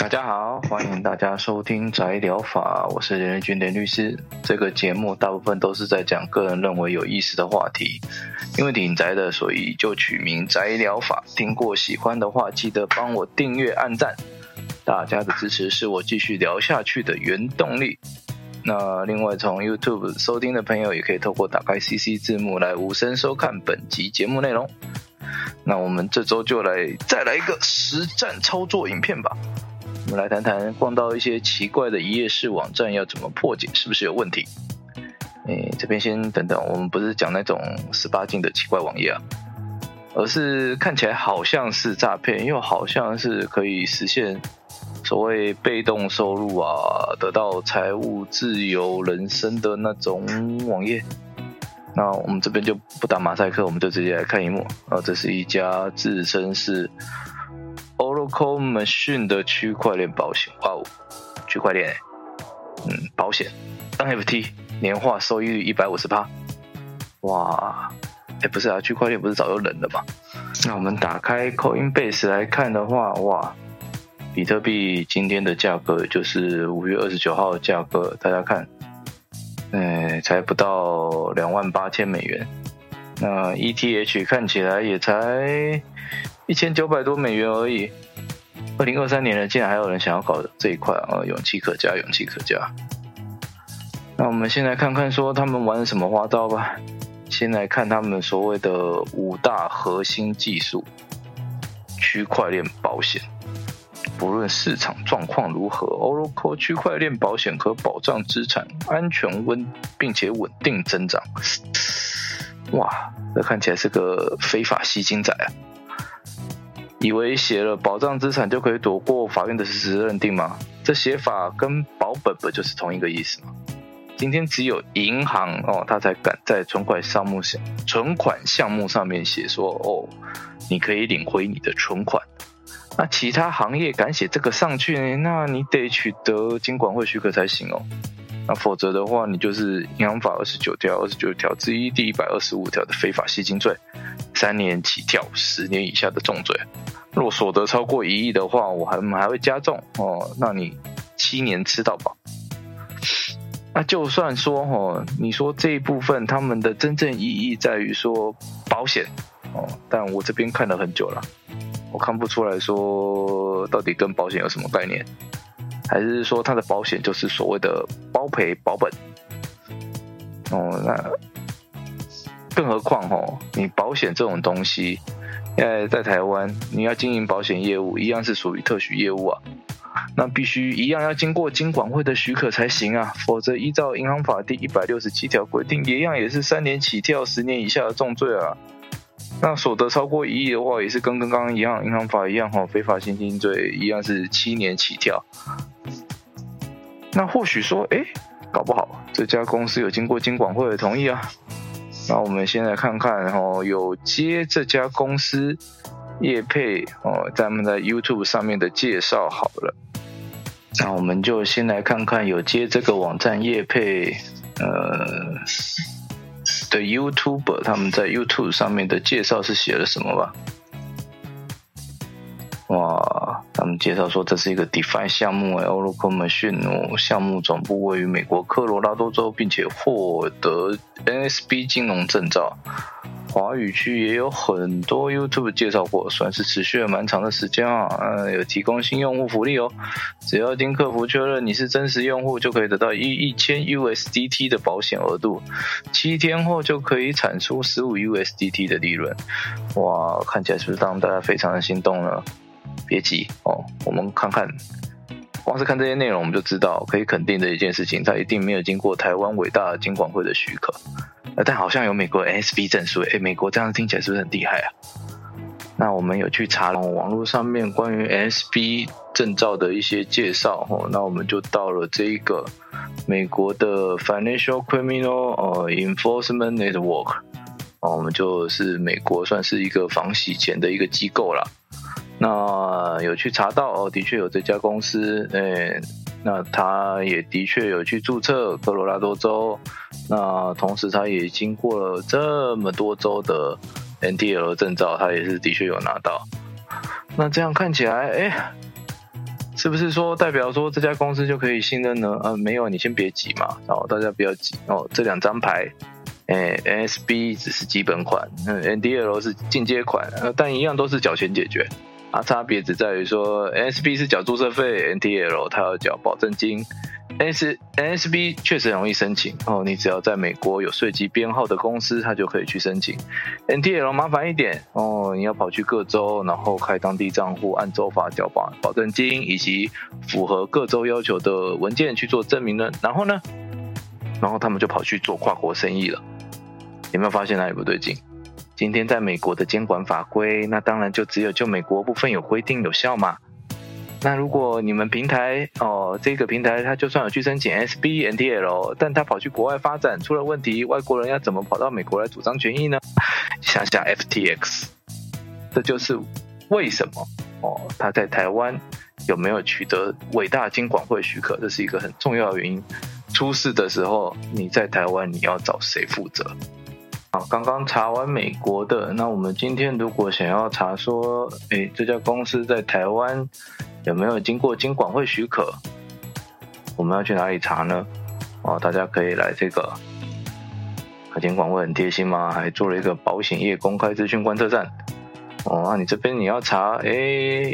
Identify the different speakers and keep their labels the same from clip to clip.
Speaker 1: 大家好，歡迎大家收聽宅聊法，我是林人君林律師。這個節目大部分都是在講個人認為有意思的話題，因為挺宅的，所以就取名宅聊法。聽過喜歡的話，記得幫我訂閱按讚，大家的支持是我繼續聊下去的原動力。那另外，從 YouTube 收聽的朋友也可以透過打開 CC 字幕來無聲收看本集節目內容。那我們這周就來再來一個實戰操作影片吧。我們來談談逛到一些奇怪的一頁式網站要怎麼破解，是不是有問題？誒，這邊先等等，我們不是講那種十八禁的奇怪網頁啊，而是看起來好像是詐騙，又好像是可以實現。所謂被動收入啊，得到財務自由人生的那種網頁。那我們這邊就不打馬賽克，我們就直接來看螢幕啊。那這是一家自稱是 Oracle Machine 的區塊鏈保險。哇哦，區塊鏈，嗯，保險，NFT，年化收益率一百五十趴。哇，誒、欸、不是啊，區塊鏈不是早就冷了嗎？那我們打開 Coinbase 來看的話，哇。比特幣今天的價格就是五月二十九號的價格，大家看，哎，才不到兩萬八千美元。那 ETH 看起來也才一千九百多美元而已。二零二三年了，竟然還有人想要搞這一塊啊，哦，勇氣可嘉，勇氣可嘉。那我們先來看看說他們玩什麼花招吧。先來看他們所謂的五大核心技術：區塊鏈保險。不論市場狀況如何，Oracle 區塊鏈保險可保障資產安全、溫，並且穩定增長。哇，這看起來是個非法吸金仔啊！以為寫了保障資產就可以躲過法院的實質認定嗎？這寫法跟保本不就是同一個意思嗎？今天只有銀行哦，他才敢在存款項目存款項目上面寫說哦，你可以領回你的存款。那其他行業敢寫這個上去呢？那你得取得金管會許可才行哦。那否則的話，你就是《銀行法》二十九條、二十九條之一第一百二十五條的非法吸金罪，三年起跳，十年以下的重罪。若所得超過一億的話，我還還會加重哦。那你七年吃到飽。那就算說哦，你說這一部分他們的真正意義在於說保險哦，但我這邊看了很久了。我看不出來說到底跟保險有什麼概念，還是說他的保險就是所謂的包賠保本？哦，那更何況吼、哦，你保險這種東西，在，在台灣你要經營保險業務一樣是屬於特許業務啊，那必須一樣要經過金管會的許可才行啊，否則依照銀行法第一百六十七條規定，一樣也是三年起跳十年以下的重罪啊。那所得超過一億的話，也是跟剛剛一樣，銀行法一樣哈，非法吸金罪一樣是七年起跳。那或許說，哎、欸，搞不好這家公司有經過金管會的同意啊？那我們先來看看，然後有接這家公司業配哦，在他們的 YouTube 上面的介紹好了。那我們就先來看看有接這個網站業配呃。的 YouTuber 他們在 YouTube 上面的介紹是寫了什麼吧？哇，他們介紹說這是一個 Defi 項目誒，Oracle Machine 項目總部位於美國科羅拉多州，並且獲得 MSB 金融證照。華語區也有很多 YouTube 介紹過，算是持續了蠻長的時間啊。嗯，有提供新用戶福利哦，只要經客服確認你是真實用戶，就可以得到一一千 USDT 的保險額度，七天後就可以產出十五 USDT 的利潤。哇，看起來是不是讓大家非常的心動呢？別急哦，我們看看。光是看這些內容，我們就知道可以肯定的一件事情，他一定沒有經過台灣偉大的金管會的許可。呃，但好像有美國 MSB 證書，誒、欸，美國這樣聽起來是不是很厲害啊？那我們有去查了網絡上面關於 MSB 證照的一些介紹哦，那我們就到了這一個美國的 Financial Criminal 呃 Enforcement Network 哦，我們就是美國算是一個防洗錢的一個機構了。那有去查到哦，的確有這家公司，呃、欸，那他也的確有去註冊科羅拉多州，那同時他也經過了這麼多州的 M T L 證照，他也是的確有拿到。那這樣看起來，哎、欸，是不是說代表說這家公司就可以信任呢？呃、啊，沒有，你先別急嘛，哦，大家不要急哦，這兩張牌，哎、欸、M S B 只是基本款，嗯，M T L 是進階款，但一樣都是繳錢解決。啊，差別只在於說，MSB 是繳注冊費，MTL 它要繳保證金。MS MSB 確實很容易申請哦，你只要在美國有稅籍編號的公司，它就可以去申請。MTL 麻煩一點哦，你要跑去各州，然後開當地賬戶，按州法繳保保證金，以及符合各州要求的文件去做證明呢。然後呢，然後他們就跑去做跨國生意了。有沒有發現哪裡不對勁？今天在美國的監管法規，那當然就只有就美國部分有規定有效嘛。那如果你們平台哦，這個平台它就算有去申請 MSB and MTL，但它跑去國外發展出了問題，外國人要怎麼跑到美國來主張權益呢？想想 FTX，這就是為什麼哦，它在台灣有沒有取得偉大金管會許可，這是一個很重要的原因。出事的時候，你在台灣你要找誰負責？好，剛剛查完美國的，那我們今天如果想要查說，哎，這家公司在台灣有沒有經過金管會許可？我們要去哪裡查呢？哦，大家可以來這個，啊，金管會很貼心嗎？還做了一個保險業公開資訊觀測站。哦，那你這邊你要查，哎，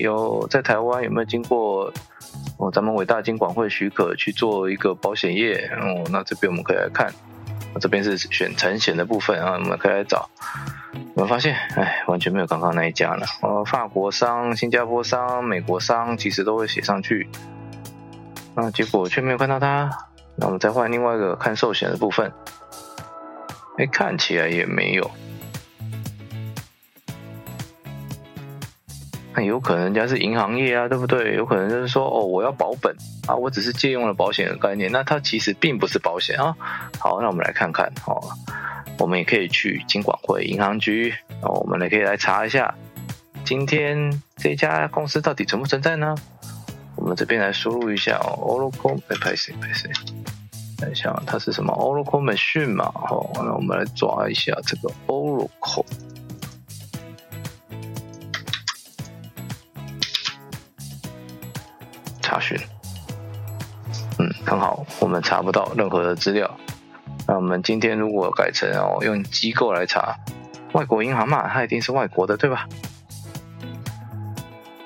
Speaker 1: 有在台灣有沒有經過哦，咱們偉大金管會許可去做一個保險業？哦，那這邊我們可以來看。這邊是選產險的部分啊，我們可以來找，我們發現，哎，完全沒有剛剛那一家了，哦、呃，法國商、新加坡商、美國商，其實都會寫上去，啊，結果卻沒有看到它。那我們再換另外一個看壽險的部分，哎，看起來也沒有。那、哎、有可能人家是銀行業啊，對不對？有可能就是說，哦，我要保本。啊，我只是借用了保險的概念，那它其實並不是保險啊。好，那我們來看看哦，我們也可以去金管會、銀行局，那、哦、我們也可以來查一下，今天這家公司到底存不存在呢？我們這邊來輸入一下、哦、Oracle，哎、欸，拍謝拍謝看一下，它是什麼？Oracle Machine 嘛？哦，那我們來抓一下這個 Oracle，查詢。很好，我們查不到任何的資料。那我們今天如果改成哦，用機構來查，外國銀行嘛，它一定是外國的，對吧？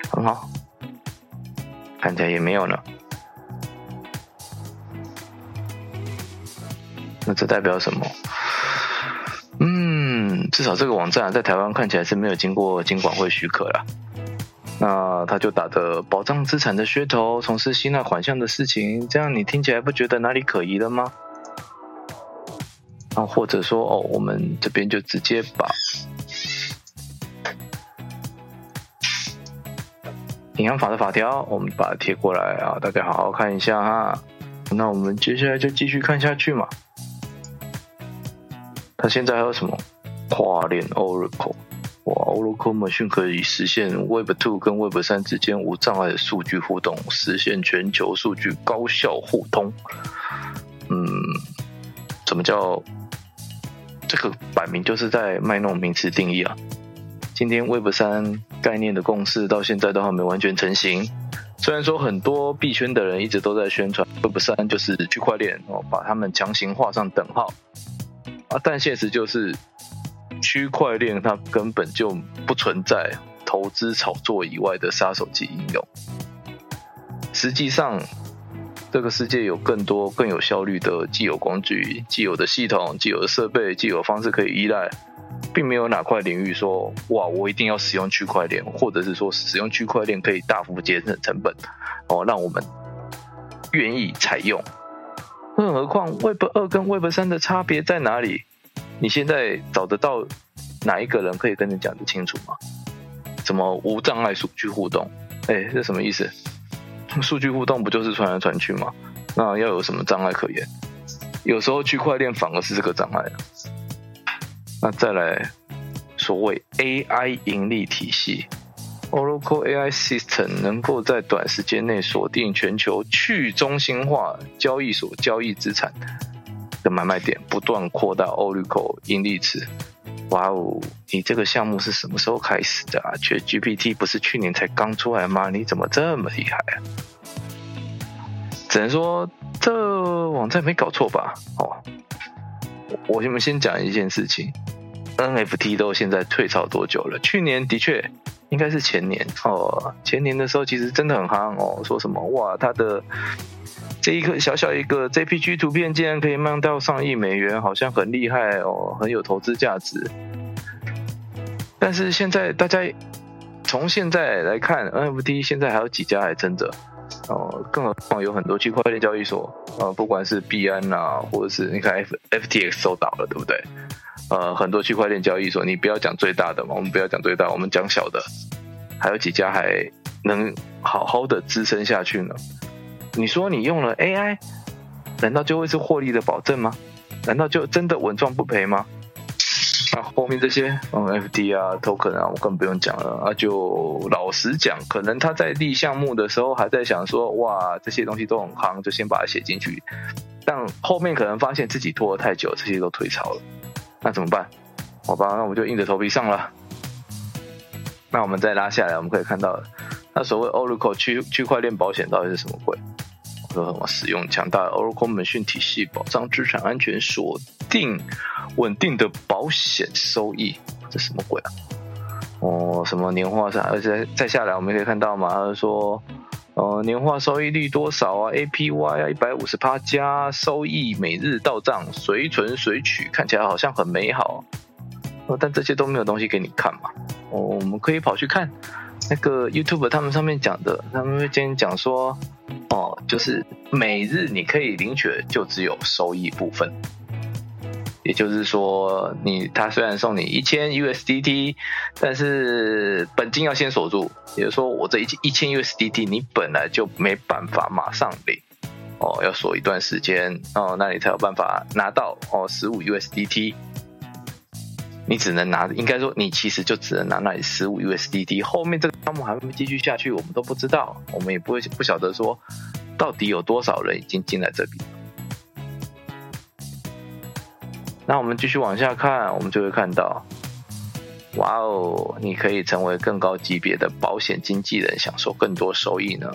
Speaker 1: 很好，看起來也沒有呢。那這代表什麼？嗯，至少這個網站、啊、在台灣看起來是沒有經過金管會許可的。那他就打着保障資產的噱頭，從事吸納款項的事情，這樣你聽起來不覺得哪裡可疑了嗎？那、啊、或者說，哦，我們這邊就直接把《銀行法》的法條，我們把它貼過來啊，大家好好看一下哈。那我們接下來就繼續看下去嘛。他現在還有什麼跨鏈 Oracle？哇、wow，Oracle Machine 可以實現 Web 2跟 Web 3之間無障礙的數據互動，實現全球數據高效互通。嗯，怎麼叫？這個擺明就是在賣弄名詞定義啊！今天 Web 3概念的共識到現在都還沒完全成型。雖然說很多幣圈的人一直都在宣傳 Web 3就是區塊鏈，哦，把他們強行畫上等號啊，但現實就是。區塊鏈它根本就不存在投資炒作以外的殺手級應用。實際上，這個世界有更多更有效率的既有工具、既有的系統、既有的設備、既有方式可以依賴，並沒有哪塊領域說哇，我一定要使用區塊鏈，或者是說使用區塊鏈可以大幅節省成本哦，讓我們願意採用。更何況，Web 二跟 Web 三的差別在哪裡？你現在找得到哪一個人可以跟你講得清楚嗎？什麼無障礙數據互動？哎，這什麼意思？數據互動不就是傳來傳去嗎？那要有什麼障礙可言？有時候區塊鏈反而是這個障礙啊。那再來，所謂 AI 盈利體系，Oracle AI System 能夠在短時間內鎖定全球去中心化交易所交易資產。買賣點不斷擴大，Oracle 盈利值，哇哦！你這個項目是什麼時候開始的啊？卻 GPT 不是去年才剛出來嗎？你怎麼這麼厲害啊？只能說這網站沒搞錯吧？哦，我我們先講一件事情，NFT 都現在退潮多久了？去年的確應該是前年哦，前年的時候其實真的很夯哦，說什麼哇，它的。一個小小一個 JPG 圖片竟然可以賣到上億美元，好像很厲害哦，很有投資價值。但是現在大家從現在來看，NFT 現在還有幾家還撐着哦，更何況有很多區塊鏈交易所呃，不管是幣安啊，或者是你看 F FTX 都倒了，對不對？呃，很多區塊鏈交易所，你不要講最大的嘛，我們不要講最大，我們講小的，還有幾家還能好好的支撐下去呢。你說你用了 AI，難道就會是獲利的保證嗎？難道就真的穩賺不賠嗎？啊，後面這些嗯 FD 啊，Token 啊，我更不用講了啊。就老實講，可能他在立項目的時候還在想說，哇，這些東西都很夯，就先把它寫進去。但後面可能發現自己拖了太久，這些都退潮了，那怎麼辦？好吧，那我們就硬着頭皮上了。那我們再拉下來，我們可以看到。那所謂 Oracle 區區塊鏈保險到底是什麼鬼？我說我使用強大的 Oracle machine 體系保障資產安全，鎖定穩定的保險收益，這什麼鬼啊？哦，什麼年化啥？而且再下來我們可以看到嘛，他說、呃、年化收益率多少啊？APY 啊一百五十趴加收益每日到賬，隨存隨取，看起來好像很美好、啊。哦，但這些都沒有東西給你看嘛。我、哦、我們可以跑去看。那個 YouTube 他們上面講的，他們今天講說，哦，就是每日你可以領取的就只有收益部分，也就是說你，你他雖然送你一千 USDT，但是本金要先鎖住，也就是說，我這一千 USDT 你本來就沒辦法馬上領，哦，要鎖一段時間，哦，那你才有辦法拿到，哦，十五 USDT。你只能拿，應該說，你其實就只能拿那裡十五 USDT。後面這個項目還會不會繼續下去，我們都不知道，我們也不會不曉得說，到底有多少人已經進來這裡。那我們繼續往下看，我們就會看到。哇哦，wow, 你可以成為更高級別的保險經紀人，享受更多收益呢！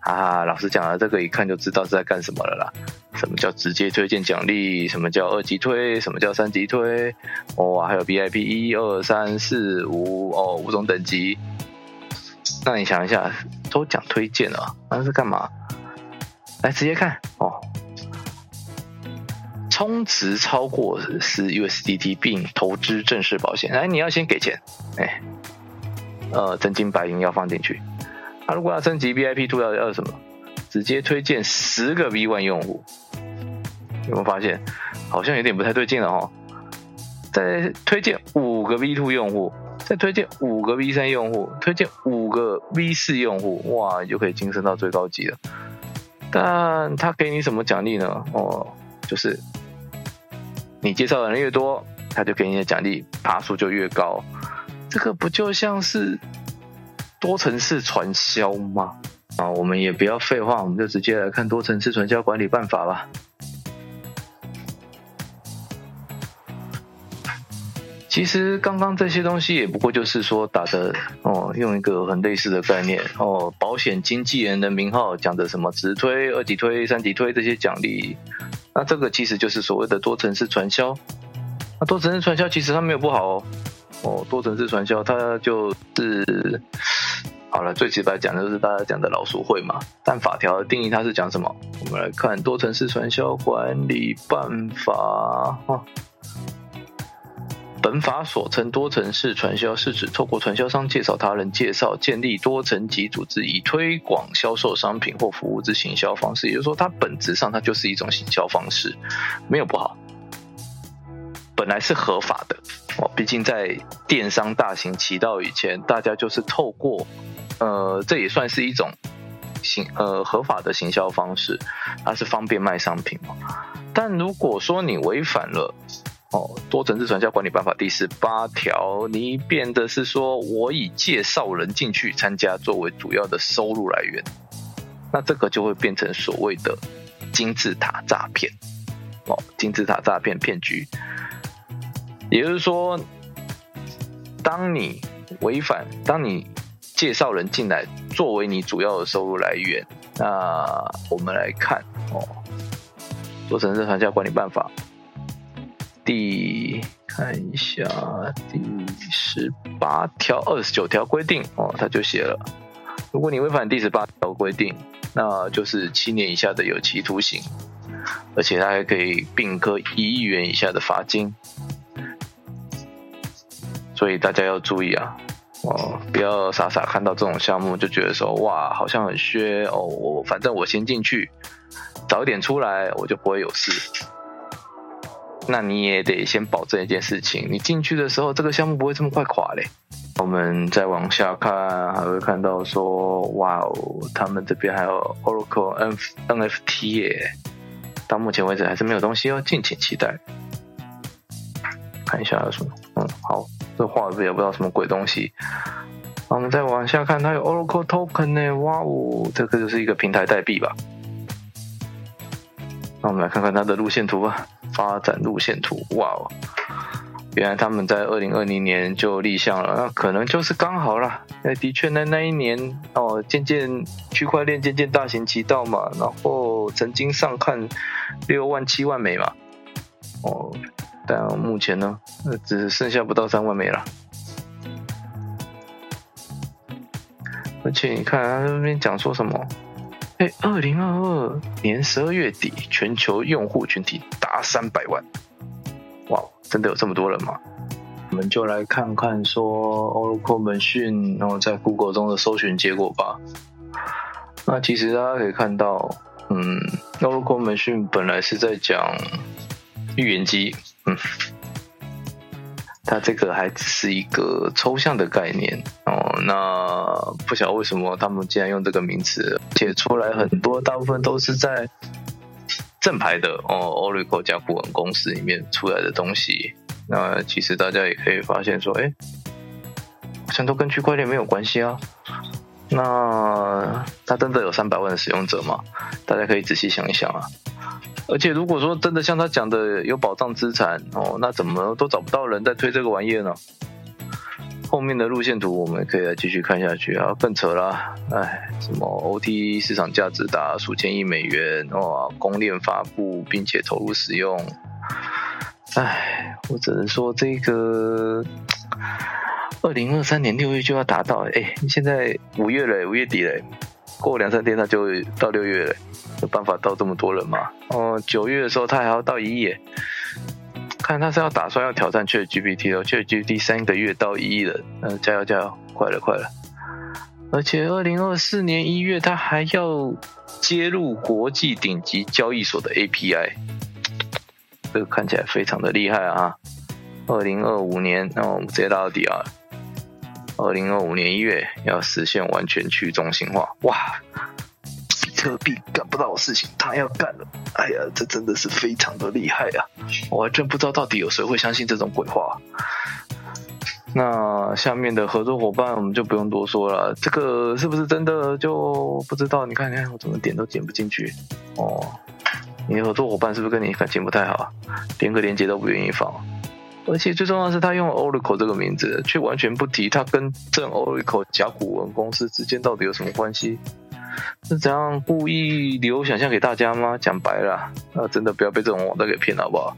Speaker 1: 哈、啊、哈，老實講這個一看就知道是在幹什麼了啦。什麼叫直接推薦獎勵？什麼叫二級推？什麼叫三級推？哇、哦，還有 VIP 一二三四五哦，五種等級。那你想一下，都講推薦了、啊，那、啊、是幹嘛？來直接看哦。充值超過十 USDT 並投資正式保險，哎，你要先給錢，哎、欸，呃，真金白銀要放進去。他、啊、如果要升級 VIP two 要要什麼？直接推薦十個 V one 用戶，有沒有發現好像有點不太對勁了哦？再推薦五個 V two 用戶，再推薦五個 V 三用戶，推薦五個 V 四用戶，哇，你就可以晉升到最高級了。但他給你什麼獎勵呢？哦，就是。你介紹的人越多，他就給你的獎勵爬數就越高，這個不就像是多層次傳銷嗎？啊，我們也不要廢話，我們就直接來看《多層次傳銷管理辦法》吧。其實剛剛這些東西也不過就是說，打著哦，用一個很類似的概念哦，保險經紀人的名號講的什麼直推、二級推、三級推這些獎勵。那這個其實就是所謂的多層次傳銷，那、啊、多層次傳銷其實它沒有不好哦，哦，多層次傳銷它就是好了，最直白講的就是大家講的老鼠會嘛。但法條的定義它是講什麼？我們來看《多層次傳銷管理辦法》啊。本法所稱多層次傳銷，是指透過傳銷商介紹他人介紹，建立多層級組織，以推廣銷售商品或服務之行銷方式。也就是說，它本質上它就是一種行銷方式，沒有不好，本來是合法的。哦，畢竟在電商大行其道以前，大家就是透過，呃，這也算是一種行呃合法的行銷方式，它是方便賣商品嘛。但如果說你違反了，哦，多層次傳銷管理辦法第十八條，你變的是說，我以介紹人進去參加作為主要的收入來源，那這個就會變成所謂的金字塔詐騙哦，金字塔詐騙騙局。也就是說，當你違反，當你介紹人進來作為你主要的收入來源，那我們來看哦，多層次傳銷管理辦法。第看一下第十八條、二十九條規定哦，他就寫了：如果你違反第十八條規定，那就是七年以下的有期徒刑，而且他還可以併科一億元以下的罰金。所以大家要注意啊，哦，不要傻傻看到這種項目就覺得說，哇，好像很削哦，我反正我先進去，早一點出來，我就不會有事。那你也得先保證一件事情，你進去的時候這個項目不會這麼快垮嘞。我們再往下看，還會看到說，哇哦，他們這邊還有 Oracle NFT 耶，到目前為止還是沒有東西哦，敬請期待。看一下有什麼，嗯，好，這畫的也不知道什麼鬼東西。我們再往下看，它有 Oracle Token 耶，哇哦，這個就是一個平台代幣吧。那我們來看看它的路線圖吧。發展路線圖，哇、哦！原來他們在二零二零年就立項了，那可能就是剛好啦，那的確，在那一年哦，漸漸區塊鏈漸漸大行其道嘛，然後曾經上看六萬七萬枚嘛，哦，但目前呢，那只剩下不到三萬枚了。而且你看他那邊講說什麼？哎，二零二二年十二月底，全球用戶群體達三百萬。哇，真的有這麼多人嗎？我們就來看看說，Oracle Machine、哦，然後在 Google 中的搜尋結果吧。那其實大家可以看到，嗯，Oracle Machine 本來是在講預言機，嗯，它這個還只是一個抽象的概念，然後，哦。那不曉得為什麼他們竟然用這個名詞，而且出來很多，大部分都是在正牌的哦，Oracle 加顧問公司裡面出來的東西。那其實大家也可以發現說，哎、欸，好像都跟區塊鏈沒有關係啊。那他真的有三百萬的使用者嗎？大家可以仔細想一想啊。而且如果說真的像他講的有保障資產哦，那怎麼都找不到人在推這個玩意呢？後面的路線圖我們可以來繼續看下去啊，更扯啦。哎，什麼 OT 市場價值達數千億美元哇，公鏈發布並且投入使用，哎，我只能說這個二零二三年六月就要達到，哎，現在五月嘞，五月底嘞，過兩三天它就到六月嘞，有辦法到這麼多人嗎？哦、呃，九月的時候它還要到一億。但他是要打算要挑戰 ChatGPT 的 ChatGPT 三個月到一億了、呃，加油加油，快了快了。而且二零二四年一月他還要接入國際頂級交易所的 API，這個看起來非常的厲害啊。二零二五年，那、哦、我們直接拉到底啊。二零二五年一月要實現完全去中心化，哇！比特幣幹不到的事情，他要幹了！哎呀，這真的是非常的厲害啊！我還真不知道到底有誰會相信這種鬼話。那下面的合作夥伴我們就不用多說了啊，這個是不是真的就不知道？你看，你看我怎麼點都點不進去？哦，你的合作夥伴是不是跟你感情不太好？連個連接都不願意放，而且最重要的是，他用 Oracle 這個名字，卻完全不提他跟正 Oracle 甲骨文公司之間到底有什麼關係？是怎樣故意留想象給大家嗎？講白了，那真的不要被這種網站給騙了，好不好？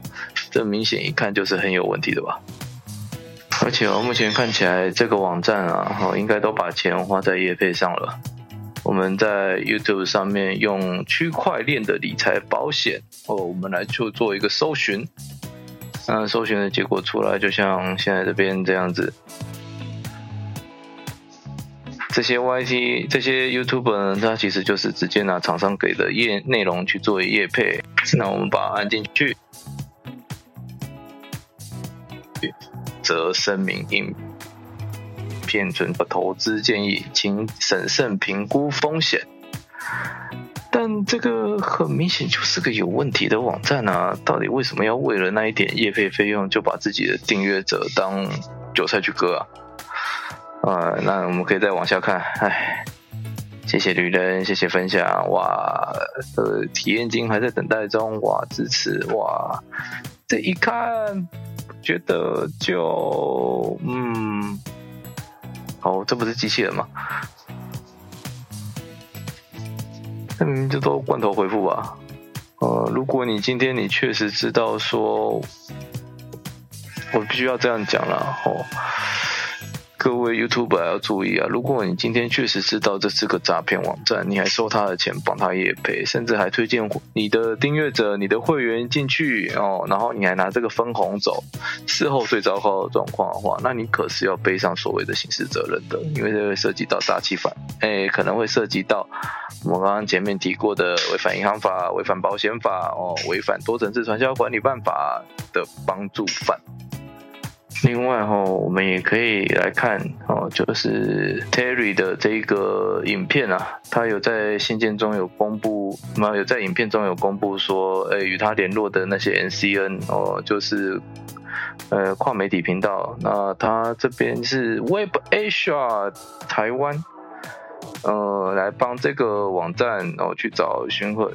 Speaker 1: 這明顯一看就是很有問題的吧。而且我目前看起來這個網站啊，應該都把錢花在業配上了。我們在 YouTube 上面用區塊鏈的理財保險，我們來做做一個搜尋。那搜尋的結果出來，就像現在這邊這樣子。這些 YT 這些 YouTuber，他其實就是直接拿廠商給的業內容去做業配。那我們把它按進去，免責聲明：影片準投資建議，請審慎評估風險。但這個很明顯就是個有問題的網站啊！到底為什麼要為了那一點業配費用，就把自己的訂閱者當韭菜去割啊？呃、嗯，那我們可以再往下看。哎，謝謝旅人，謝謝分享。哇，呃，體驗金還在等待中。哇，支持哇！這一看，覺得就嗯，哦，這不是機器人嗎？那、嗯、你就都罐頭回復吧。呃，如果你今天你確實知道說，我必須要這樣講了哦。各位 YouTube 要注意啊！如果你今天確實知道這是個詐騙網站，你還收他的錢幫他業配，甚至還推薦你的訂閱者、你的會員進去哦，然後你還拿這個分紅走，事後最糟糕的狀況的話，那你可是要背上所謂的刑事責任的，因為這會涉及到詐欺犯，欸，可能會涉及到我們剛剛前面提過的違反銀行法、違反保險法哦、違反多層次傳銷管理辦法的幫助犯。另外哈、哦，我們也可以來看哦，就是 Terry 的這個影片啊，他有在信件中有公布，那、嗯、有在影片中有公布說，呃、欸，與他聯絡的那些 MCN 哦，就是呃跨媒體頻道，那他這邊是 Web Asia 台灣，呃，來幫這個網站，然、哦、後去找尋和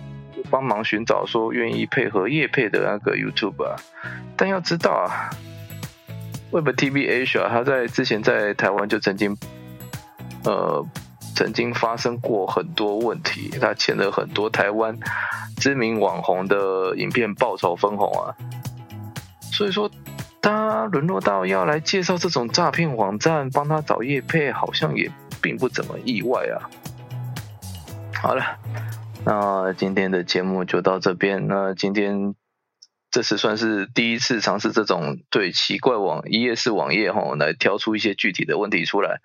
Speaker 1: 幫忙尋找說願意配合業配的那個 YouTube，啊。但要知道啊。Web TV Asia，他在之前在台灣就曾經，呃，曾經發生過很多問題，他欠了很多台灣知名網紅的影片報酬分紅啊，所以說他淪落到要來介紹這種詐騙網站，幫他找業配，好像也並不怎麼意外啊。好了，那今天的節目就到這邊，那今天。這次算是第一次嘗試這種對奇怪網一頁式網頁吼，來挑出一些具體的問題出來，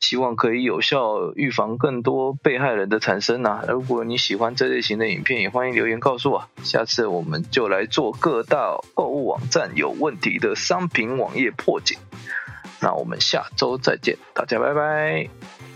Speaker 1: 希望可以有效預防更多被害人的產生吶、啊。如果你喜歡這類型的影片，也歡迎留言告訴我，下次我們就來做各大購物網站有問題的商品網頁破解。那我們下周再見，大家拜拜。